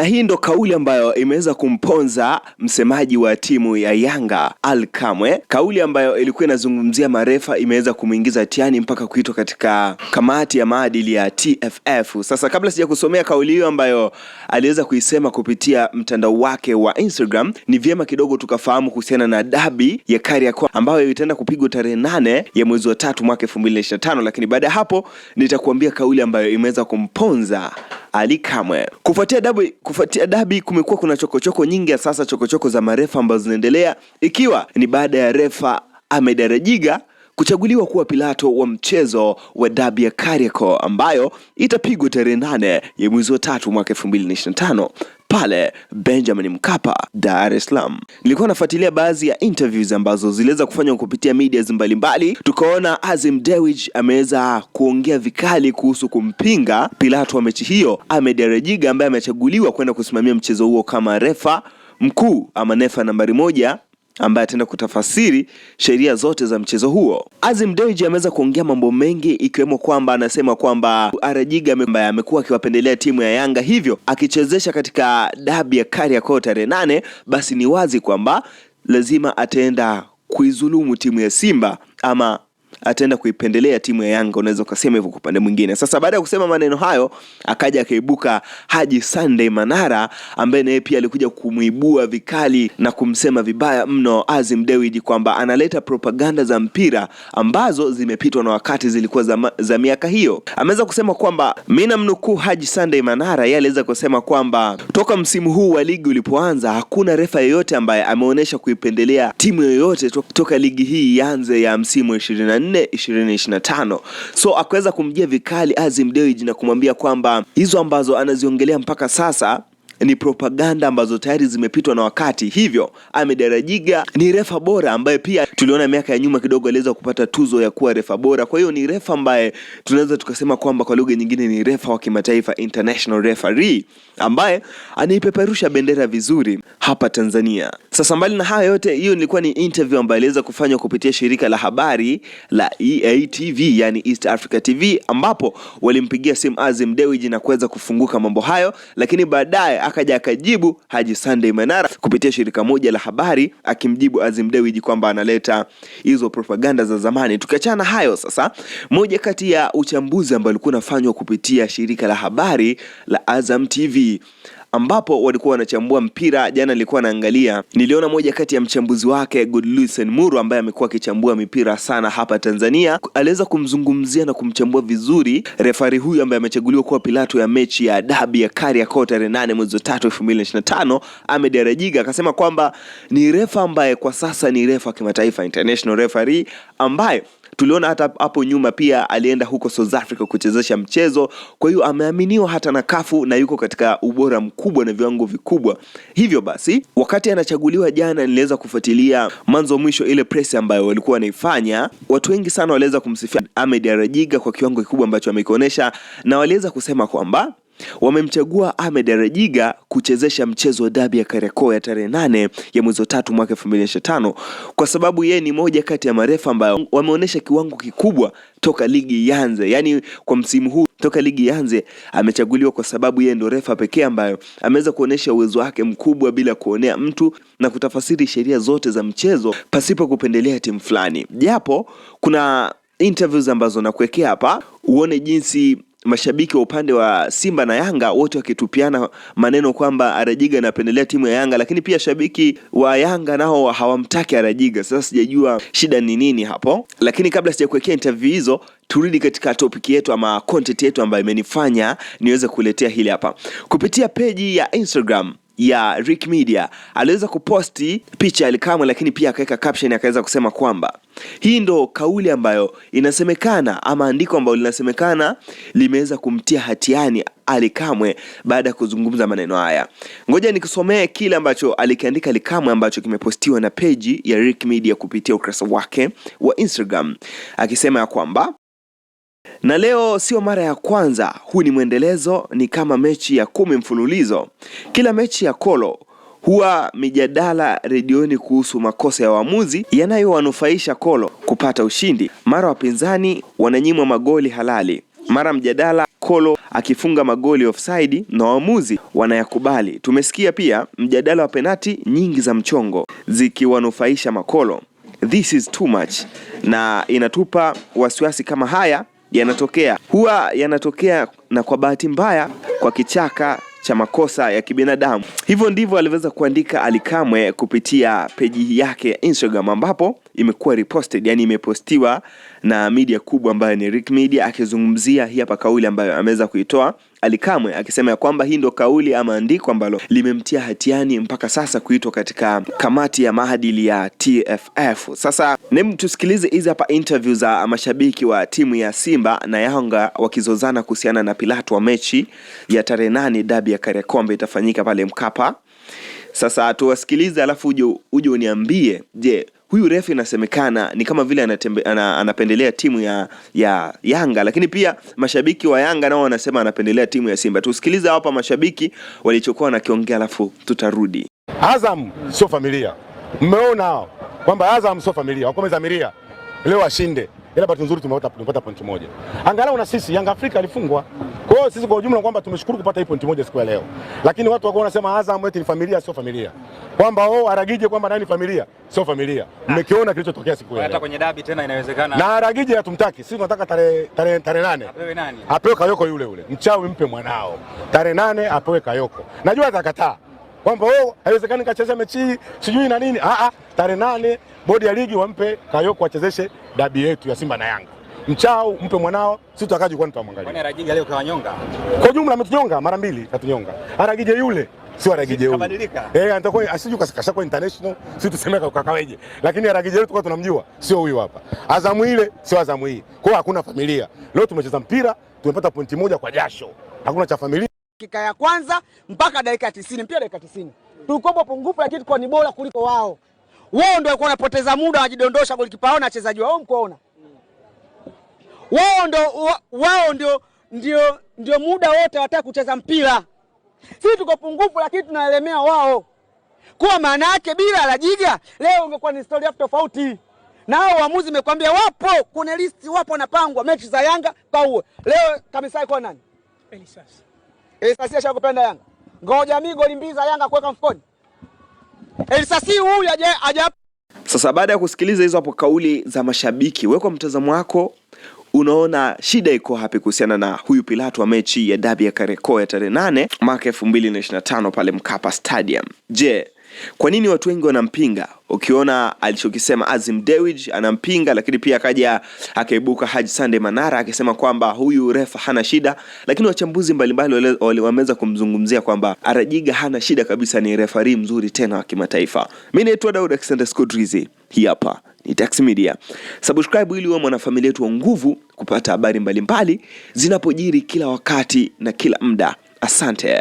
na hii ndo kauli ambayo imeweza kumponza msemaji wa timu ya Yanga Ally Kamwe, kauli ambayo ilikuwa inazungumzia marefa imeweza kumwingiza tiani mpaka kuitwa katika kamati ya maadili ya TFF. Sasa kabla sija kusomea kauli hiyo ambayo aliweza kuisema kupitia mtandao wake wa Instagram, ni vyema kidogo tukafahamu kuhusiana na dabi ya Kariakoo ambayo itaenda kupigwa tarehe nane ya mwezi wa tatu mwaka 2025, lakini baada ya hapo nitakuambia kauli ambayo imeweza kumponza Ally Kamwe kufuatia dabi Kufuatia dabi, kumekuwa kuna chokochoko nyingi, sasa chokochoko za marefa ambazo zinaendelea, ikiwa ni baada ya refa Ahmed kuchaguliwa kuwa Pilato wa mchezo wa dabi ya Kariakoo ambayo itapigwa tarehe nane ya mwezi wa tatu mwaka tano pale Benjamin Mkapa, Dar es Salaam. Nilikuwa nafuatilia baadhi ya interviews ambazo ziliweza kufanywa kupitia medias mbalimbali, tukaona Azim Dewij ameweza kuongea vikali kuhusu kumpinga Pilato wa mechi hiyo Ahmed arajiga ambaye amechaguliwa kwenda kusimamia mchezo huo kama refa mkuu ama nefa nambari moja ambaye ataenda kutafasiri sheria zote za mchezo huo. Azim Dewji ameweza kuongea mambo mengi, ikiwemo kwamba anasema kwamba Arajiga ambaye amekuwa akiwapendelea timu ya Yanga, hivyo akichezesha katika dabi ya Kariakoo tarehe nane, basi ni wazi kwamba lazima ataenda kuizulumu timu ya Simba ama ataenda kuipendelea timu ya Yanga, unaweza ukasema hivyo kwa upande mwingine. Sasa baada ya kusema maneno hayo, akaja akaibuka Haji Sunday Manara ambaye naye pia alikuja kumuibua vikali na kumsema vibaya mno Azim Dewiji kwamba analeta propaganda za mpira ambazo zimepitwa na wakati, zilikuwa za, za miaka hiyo. Ameweza kusema kwamba mimi namnukuu Haji Sunday Manara, yeye aliweza kusema kwamba toka msimu huu wa ligi ulipoanza hakuna refa yeyote ambaye ameonyesha kuipendelea timu yoyote toka ligi hii ianze ya msimu 24 2025. So akaweza kumjia vikali Azim Dewji na kumwambia kwamba hizo ambazo anaziongelea mpaka sasa ni propaganda ambazo tayari zimepitwa na wakati. Hivyo Ahmed Arajiga ni refa bora ambaye pia tuliona miaka ya nyuma kidogo aliweza kupata tuzo ya kuwa refa bora. Kwa hiyo ni refa ambaye tunaweza tukasema kwamba kwa lugha nyingine ni refa wa kimataifa, international referee, ambaye anaipeperusha bendera vizuri hapa Tanzania. Sasa mbali na haya yote, hiyo ilikuwa ni interview ambayo iliweza kufanywa kupitia shirika la habari la EATV, yani East Africa TV, ambapo walimpigia simu Azim Dewji na kuweza kufunguka mambo hayo, lakini baadaye akaja akajibu Haji Sunday Manara kupitia shirika moja la habari akimjibu Azim Dewji kwamba analeta hizo propaganda za zamani. Tukiachana hayo, sasa moja kati ya uchambuzi ambao ulikuwa unafanywa kupitia shirika la habari la Azam TV ambapo walikuwa wanachambua mpira. Jana nilikuwa naangalia, niliona moja kati ya mchambuzi wake Godlewson Muru ambaye amekuwa akichambua mipira sana hapa Tanzania, aliweza kumzungumzia na kumchambua vizuri refari huyu ambaye amechaguliwa kuwa pilato ya mechi ya dabi ya Kariakoo tarehe nane mwezi wa tatu elfu mbili ishirini na tano Ahmed Arajiga akasema kwamba ni refa ambaye kwa sasa ni refa kimataifa international referee ambaye tuliona hata hapo nyuma pia alienda huko South Africa kuchezesha mchezo, kwa hiyo ameaminiwa hata na kafu na yuko katika ubora mkubwa na viwango vikubwa. Hivyo basi, wakati anachaguliwa jana, niliweza kufuatilia mwanzo mwisho ile press ambayo walikuwa wanaifanya. Watu wengi sana waliweza kumsifia Ahmed Arajiga kwa kiwango kikubwa ambacho amekionyesha, na waliweza kusema kwamba Wamemchagua Ahmed Arejiga kuchezesha mchezo wa dabi ya Kariakoo ya tarehe nane ya mwezi wa tatu mwaka 2025 kwa sababu yeye ni moja kati ya marefa ambayo wameonyesha kiwango kikubwa toka ligi ianze, yaani kwa msimu huu toka ligi ianze amechaguliwa kwa sababu yeye ndo refa pekee ambayo ameweza kuonyesha uwezo wake mkubwa bila kuonea mtu na kutafasiri sheria zote za mchezo pasipo kupendelea timu fulani, japo kuna interviews ambazo nakuwekea hapa uone jinsi mashabiki wa upande wa Simba na Yanga wote wakitupiana maneno kwamba Arajiga anapendelea timu ya Yanga, lakini pia shabiki wa Yanga nao hawamtaki Arajiga. Sasa sijajua shida ni nini hapo, lakini kabla sijakuwekea interview hizo turudi katika topic yetu ama content yetu ambayo imenifanya niweze kuletea hili hapa. Kupitia peji ya Instagram ya Rick Media aliweza kuposti picha ya Alikamwe, lakini pia akaweka caption akaweza kusema kwamba hii ndo kauli ambayo inasemekana ama andiko ambalo linasemekana limeweza kumtia hatiani Alikamwe baada ya kuzungumza maneno haya. Ngoja nikusomee kile ambacho alikiandika Alikamwe ambacho kimepostiwa na peji ya Rick Media kupitia ukurasa wake wa Instagram akisema ya kwamba na leo sio mara ya kwanza, huu ni mwendelezo, ni kama mechi ya kumi mfululizo. Kila mechi ya Kolo huwa mijadala redioni kuhusu makosa ya waamuzi yanayowanufaisha Kolo kupata ushindi. Mara wapinzani wananyimwa magoli halali, mara mjadala Kolo akifunga magoli ofsaidi na waamuzi wanayakubali. Tumesikia pia mjadala wa penati nyingi za mchongo zikiwanufaisha makolo. This is too much, na inatupa wasiwasi kama haya yanatokea huwa yanatokea, na kwa bahati mbaya, kwa kichaka cha makosa ya kibinadamu. Hivyo ndivyo alivyoweza kuandika Ally Kamwe kupitia peji yake ya Instagram ambapo imekuwa reposted, yani imepostiwa na media kubwa ambayo ni Rick Media, akizungumzia hii hapa kauli ambayo ameweza kuitoa Ali Kamwe, akisema ya kwamba hii ndo kauli ama andiko ambalo limemtia hatiani mpaka sasa kuitwa katika kamati ya maadili ya TFF. Sasa nem tusikilize hizi hapa interview za mashabiki wa timu ya Simba na Yanga wakizozana kuhusiana na pilato wa mechi ya tarehe nane dabi ya Kariakoo ambayo itafanyika pale Mkapa. Sasa tuwasikilize, alafu uje uje uniambie, je, huyu refa inasemekana ni kama vile anatembe, ana, anapendelea timu ya, ya Yanga, lakini pia mashabiki wa Yanga nao wanasema anapendelea timu ya Simba. Tusikilize hapa mashabiki walichokuwa wanakiongea, alafu tutarudi. Azam sio familia, mmeona hao kwamba Azam sio familia, wakomeza milia leo washinde ila bahati nzuri tumepata pointi moja angalau, na sisi Yanga Afrika alifungwa. Kwa hiyo sisi kwa ujumla kwamba tumeshukuru kupata hii pointi moja siku ya leo, lakini watu wako wanasema Azam eti ni familia. Sio familia, kwamba oh, Aragije kwamba nani familia, sio familia. Mmekiona kilichotokea siku ile, hata kwenye dabi tena inawezekana. Na Aragije hatumtaki sisi, tunataka tarehe tarehe tarehe nane apewe nani? Apewe Kayoko yule yule, mchawi mpe mwanao tarehe nane apewe Kayoko, najua atakataa kwamba oh, haiwezekani kacheza mechi hii sijui na nini. Ah, ah, tarehe nane bodi ya ligi wampe Kayoko achezeshe dabi yetu ya Simba na Yanga. Mchao mpe mwanao, sisi tutakaje kwani tutamwangalia. Kwani Rajige leo kawanyonga? Kwa jumla ametunyonga mara mbili, katunyonga. Rajige yule sio Rajige yule. Kabadilika. Eh, anatakuwa asiju kasha kwa international, sisi tuseme kwa kakaweje. Lakini Rajige yule tulikuwa tunamjua, sio huyu hapa. Azamu ile sio azamu hii. Kwa hakuna familia. Leo tumecheza mpira, tumepata pointi moja kwa jasho. Hakuna cha familia dakika ya kwanza mpaka dakika ya tisini mpira dakika tisini tulikuwa pungufu, lakini tulikuwa ni bora kuliko wao. Wao ndio walikuwa wanapoteza muda, wanajidondosha golikipa wao na wachezaji wao mkoona. Wao ndio wao ndio ndio ndio muda wote wataka kucheza mpira. Sisi tuko pungufu, lakini tunaelemea wao. Kwa maana yake bila la Jiga leo ungekuwa ni story tofauti. Nao waamuzi mekwambia wapo, kuna listi wapo, wanapangwa mechi za Yanga kwa uwe. Leo kamisa iko nani? Elisasi. Elisasi ashakupenda Yanga, ngoja mimi goli mbili za Yanga kuweka mfukoni. Elisasi huyu aja. Sasa baada ya kusikiliza hizo hapo kauli za mashabiki, wewe kwa mtazamo wako unaona shida iko hapi kuhusiana na huyu Pilato wa mechi ya dabi ya Kariakoo ya tarehe nane mwaka 2025 pale Mkapa Stadium? Je, kwa nini watu wengi wanampinga? Ukiona alichokisema Azim Dewij anampinga, lakini pia akaja akaibuka Haji Sande Manara akisema kwamba huyu refa hana shida, lakini wachambuzi mbalimbali wameweza kumzungumzia kwamba Arajiga hana shida kabisa, ni refari mzuri tena wa kimataifa. Mimi naitwa Daud Alexander Scodrizi, hii hapa ni Tax Media. Subscribe ili uwe mwanafamilia yetu wa nguvu kupata habari mbalimbali zinapojiri kila wakati na kila muda. Asante.